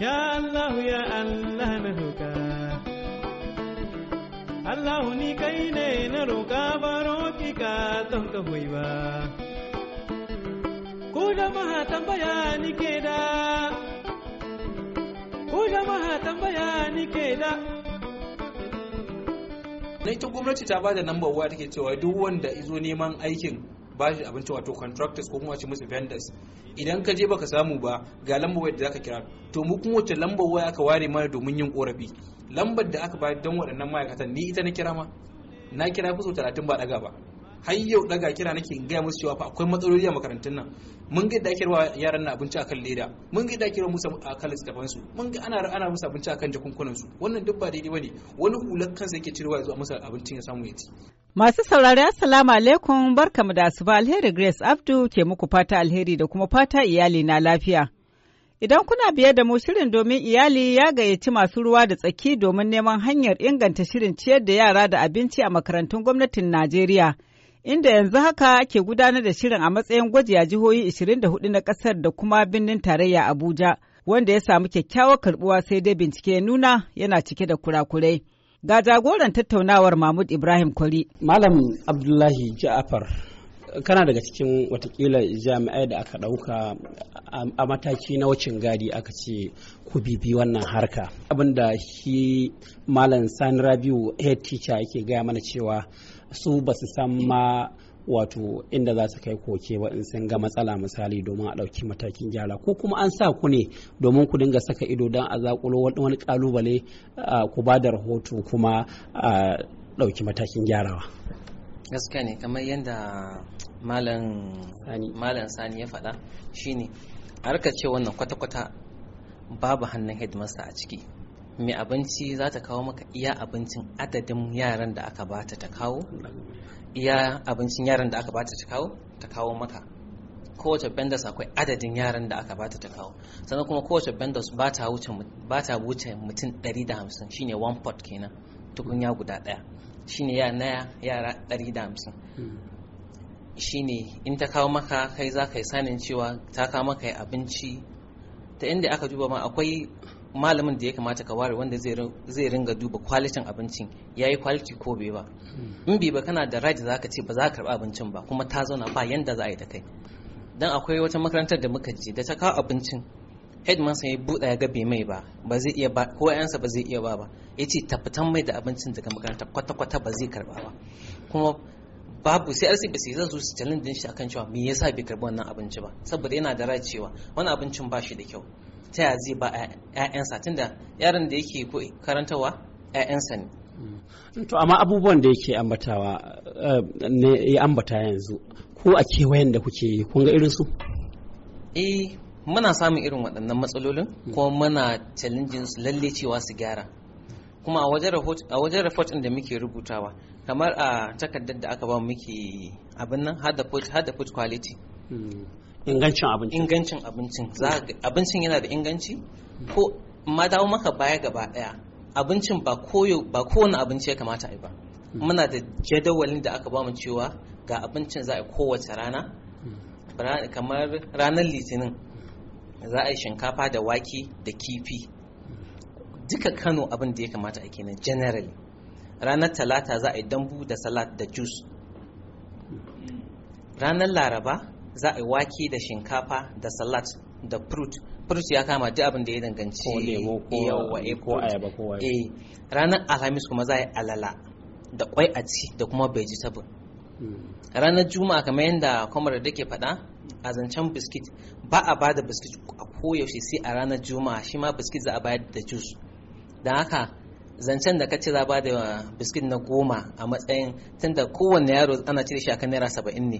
Ya Allah ya Allah na roƙa Allah ni kai ne na roƙa baro ki ka don ka hoyi ba Ku jama'a tambaya ni ke da Ku jama'a tambaya ni ke da na ita gwamnati ta ba da lambar waya take cewa duk wanda izo neman aikin ba shi abinci wato contractors ko kuma ce musu vendors idan ka je baka samu ba ga lambar waya da zaka kira to mu kuma wace lambar waya aka ware mana domin yin korafi lambar da aka bayar don waɗannan ma'aikatan ni ita na kira ma na kira kusa talatin ba daga ba har yau daga kira nake in gaya musu cewa fa akwai matsaloli a makarantun nan mun ga da kirwa yaran na abinci akan leda mun ga da kirwa musu akan littafan su mun ga ana ana musu abinci akan jakunkunan su wannan duk ba daidai bane wani hular kansa yake cirewa yanzu a musu abincin ya samu ya Masu saurari Assalamu alaikum barkamu da asuba alheri Grace Abdu ke muku fata alheri da kuma fata iyali na lafiya. Idan kuna biye da mu shirin domin iyali ya gayyaci masu ruwa da tsaki domin neman hanyar inganta shirin ciyar da yara da abinci a makarantun gwamnatin Najeriya. Inda yanzu haka ake gudanar da shirin a matsayin gwaji a jihohi 24 na kasar da kuma birnin tarayya Abuja, wanda ya samu kyakkyawar karbuwa sai dai bincike ya nuna yana cike da kurakurai. Ga jagoran tattaunawar Mahmud Ibrahim Kwari. Malam Abdullahi Ja'afar kana daga cikin watakila jami'ai da aka ɗauka a mataki na wucin gadi aka ce ku bibi wannan harka abinda shi malam sani rabiu head teacher yake gaya mana cewa su ba su san ma wato inda za su kai koke ba in sun ga matsala misali domin a ɗauki matakin gyara ko kuma an sa ku ne domin ku dinga saka ido don a zakulo wani kalubale ku ba da rahoto kuma a ɗauki matakin gyarawa gaskiya ne kamar yadda malam sani ya faɗa shine a ce wannan kwata-kwata babu hannun headmaster a ciki mai abinci za ta kawo maka iya abincin adadin yaran da aka bata ta kawo iya abincin yaran da aka bata ta kawo ta kawo maka kowace bendas akwai adadin yaran da aka bata ta kawo sannan kuma kowace bendas ba ta wuce mutum 150 shine one pot kenan tukunya guda daya shine ya naya yara 150 shine in ta kawo maka kai za ka yi sanin cewa ta kawo maka abinci ta inda aka duba ma akwai malamin da ya kamata ka ware wanda zai ringa duba kwalitin abincin ya yi kwaliti ko bai ba hmm. in bai ba kana da right za ka ce ba za ka karɓi abincin ba kuma ta zauna ba yanda za a yi da kai dan akwai wata makarantar da muka je da ta kawo abincin headmaster ya buɗa ya ga bai mai ba ba zai iya ba ko yansa ba zai iya ba ba ya ce tafitan mai da abincin daga makarantar kwata-kwata ba zai karɓa ba kuma babu sai arsi bisi zan zo su challenge din shi akan cewa me yasa bai karbi wannan abinci ba saboda yana da ra cewa wannan abincin ba shi da kyau ta ya zai ba 'ya'yansa tunda yaron da yake karantawa 'ya'yansa ne mm. to amma abubuwan da yake ambatawa eh, ne ya ambata yanzu ko a kewayen da kuke yi kun ga irin su eh muna samun irin waɗannan matsalolin mm. ko muna challenging su lalle cewa su gyara kuma a wajen report da muke rubutawa kamar a takardar da aka ba muke abin nan hada food quality mm. ingancin abincin ingancin abincin abincin yana da inganci ko ma dawo maka baya gaba daya abincin ba koyo ba kowane abinci ya kamata a yi ba hmm. muna da jadawalin da aka bamu cewa ga abincin za a yi kowace rana hmm. kamar ranar litinin za a yi shinkafa da wake da kifi hmm. duka kano abin da ya kamata a kenan generally ranar talata za a yi dambu da salat da juice ranar laraba za a yi wake da shinkafa da salat da fruit fruit ya kama duk abin da ya danganci ko lemo ko eh, ayaba ko eh ranar alhamis kuma za a yi alala da kwai a ci da kuma vegetable hmm. ranar juma'a kamar yadda kwamar da ke faɗa a zancen biskit ba a ba da biskit a koyaushe sai a ranar juma'a shi ma biskit za a bayar da juice don haka zancen da ka ce za ba da biskit na goma a matsayin tunda kowane yaro ana cire shi a kan naira saba'in ne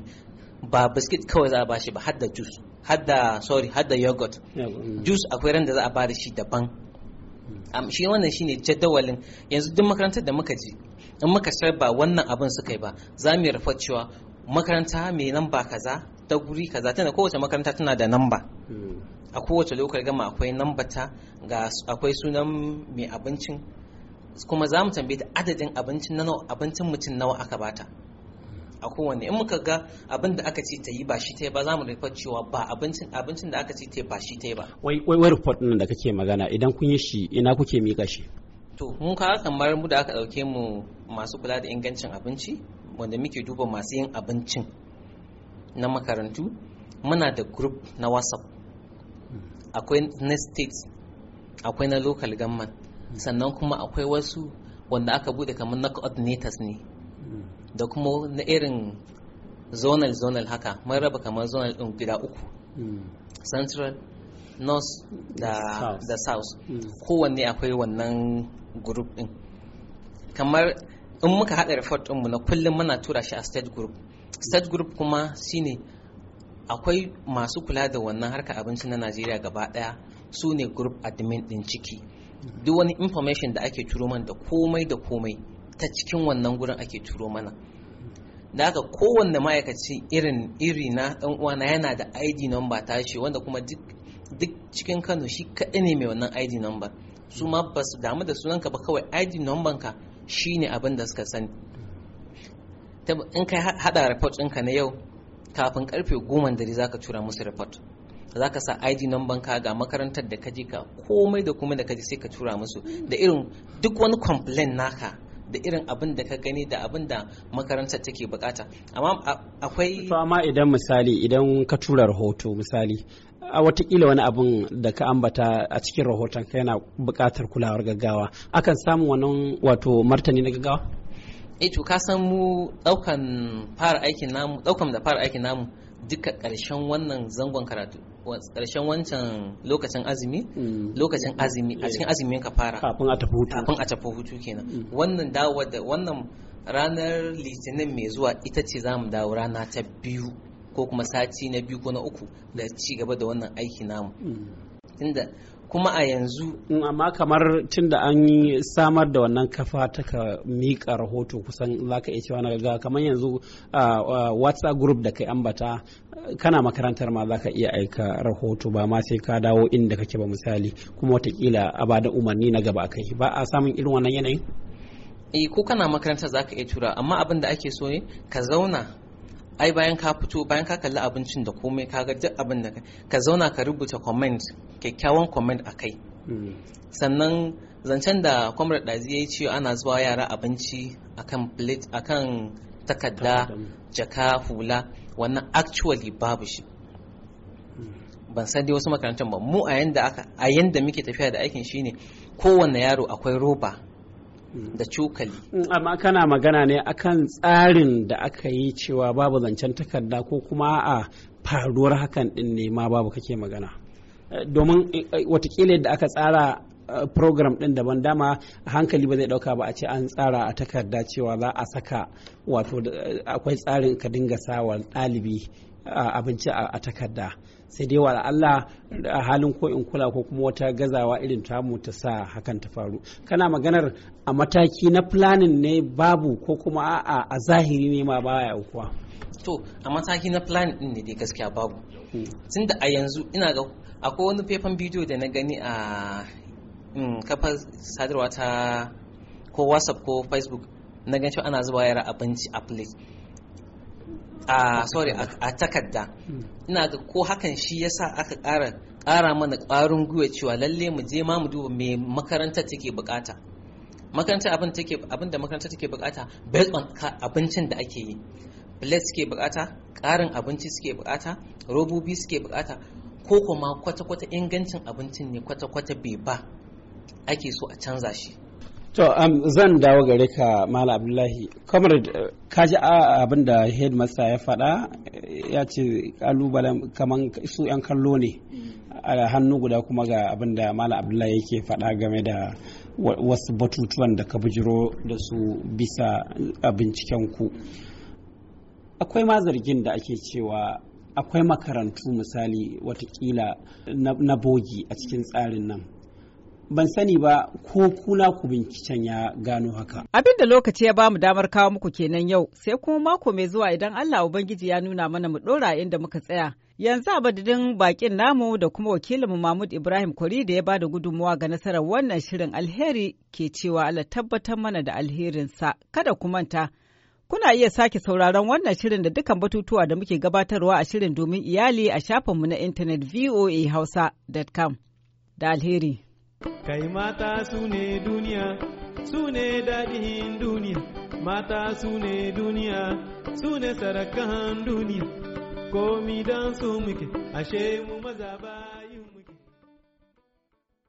ba biskit kawai za a bashi ba hadda juice hadda sorry hadda yogurt mm. juice akwai ran da za a ba da shi daban mm. shi wannan shine jadawalin yanzu duk makarantar da muka je in muka sai ba wannan abin suka yi ba za mu rufa cewa makaranta mai namba kaza ta guri kaza tana kowace makaranta tana da namba mm. a kowace lokacin gama akwai namba ta ga akwai sunan mai abincin kuma za mu tambaye ta adadin abincin nawa abincin mutum nawa aka bata a kowanne in muka ga abin da aka ce ta yi ba shi ta yi ba za mu rufar cewa ba abincin abincin da aka ce ta yi ba shi ta yi ba wai wai wai report din da kake magana idan kun yi shi ina kuke mika shi to mun kawo kamar mu da aka dauke mu masu kula da ingancin abinci wanda muke duba masu yin abincin na makarantu muna da group na whatsapp akwai na state akwai na local government hmm. sannan kuma akwai wasu wanda aka bude kamar na coordinators ne da kuma na irin zonal zonal haka mun raba kamar zonal din gida uku mm. central north da da south mm. kowanne akwai wannan group din kamar in muka haɗa report mu na kullum muna tura shi a state group state group kuma shine akwai masu kula da wannan harka abinci na najeriya gaba daya su ne group admin din ciki mm. duk wani information da ake turo man da komai da komai ta cikin wannan gurin ake turo mana da aka kowanne ma'aikaci irin iri na dan uwana yana da ID number tashi wanda kuma duk cikin Kano shi kaɗai ne mai wannan ID number su ma ba su damu da sunanka ba kawai ID number ka shine abin da suka sani in ka hada report ɗinka na yau kafin karfe goma dare zaka tura musu report za ka sa ID number ka ga makarantar da ka je ka komai da kuma da ka je sai ka tura musu da irin duk wani complain naka da irin abin da ka gani da abin da makarantar take bukata amma akwai to amma idan misali idan ka tura rahoto misali a watakila wani abun da ka ambata a cikin rahoton ka yana bukatar kulawar gaggawa akan samu wannan wato martani na gaggawa eh to ka san mu daukan fara aikin namu daukan da fara aikin namu duka ƙarshen wannan zangon karatu karshen wancan lokacin azumi mm. lokacin azumi a cikin azumin ka fara kafin a tafi hutu kafin a tafi hutu kenan mm. wannan dawo da wannan ranar litinin mai zuwa ita ce za mu dawo rana ta biyu ko kuma sati na biyu ko na uku da ci gaba da wannan aiki namu mm. tunda kuma a yanzu mm, amma kamar tun da an yi samar da wannan kafa ta ka miƙa rahoto kusan za ka iya cewa na gaggawa kamar yanzu whatsapp group da kai ambata kana makarantar ma za ka iya aika rahoto ba ma sai ka dawo inda kake ba misali kuma watakila a ba da umarni na gaba kai ba a samun irin wannan yanayin eh ko kana makaranta za ka iya tura amma abin da ake so ne ka zauna ai bayan ka fito bayan ka kalli abincin da komai ka ga duk abin da ka zauna ka rubuta comment kyakkyawan comment a kai hmm. sannan zancen da comrade ɗazi ya yi cewa ana zuwa yara abinci akan plate akan takarda jaka hula wannan actually babu shi hmm. ban san dai wasu makarantar ba mu a yanda muke tafiya da aikin shine kowanne yaro akwai roba hmm. da cokali amma kana magana ne akan tsarin da aka yi cewa babu zancen takarda ko kuma a faruwar hakan din ne ma babu kake magana domin eh, eh, watakila yadda aka tsara eh, program din daban dama hankali ba zai ɗauka ba a ce an tsara a takarda cewa za a saka wato akwai tsarin ka dinga sawa ɗalibi abinci a takarda sai dai wa Allah a halin ko in kula ko kuma wata gazawa irin tamu ta sa hakan ta faru kana maganar a mataki na planning ne babu ko kuma a a zahiri ne ma baya aukuwa to a mataki na planning ne dai gaskiya babu hmm. tunda a yanzu ina ga akwai wani faifan bidiyo da na gani a mm, kafar sadarwa ta ko whatsapp ko facebook na gan ana zuba yara abinci a plate a sorry a takarda hmm. ina ga ko hakan shi yasa aka ƙara kara mana kwarin gwiwa cewa lalle mu je ma mu duba me makarantar take bukata makarantar abin take abin da makarantar take bukata based on abincin da ake yi plate suke bukata ƙarin abinci suke bukata robobi suke bukata ko kuma kwata-kwata ingancin abincin ne kwata-kwata bai ba ake so a canza shi to um, zan dawo gare ka mala abdullahi kamar eh, ka ji ah, abin da headmaster ya faɗa eh, ya ce kalubalen kamar su 'yan kallo ne a hannu guda kuma ga abin da mala abdullahi yake faɗa game da wasu batutuwan da ka bujiro da su bisa eh, binciken ku akwai ma zargin da ake cewa akwai makarantu misali watakila na bogi a cikin tsarin nan ban sani ba ko kuna ku binciken ya gano haka. Abin da lokaci ya bamu damar kawo muku kenan yau sai kuma mako mai zuwa idan Allah Ubangiji ya nuna mana mu ɗora inda muka tsaya. Yanzu a baƙin bakin namu da kuma wakilinmu Mahmud Ibrahim Kwari da ya bada gudunmawa ga nasarar wannan shirin alheri ke cewa Allah tabbatar mana da alherinsa kada ku manta. Kuna iya sake sauraron wannan shirin da dukkan batutuwa da muke gabatarwa a shirin domin iyali a shafinmu na intanet voahausa.com da alheri. Kai mata su ne duniya, su ne daɗin duniya, mata su ne duniya, su ne sarakan duniya, komi don su muke, ashe mu maza ba.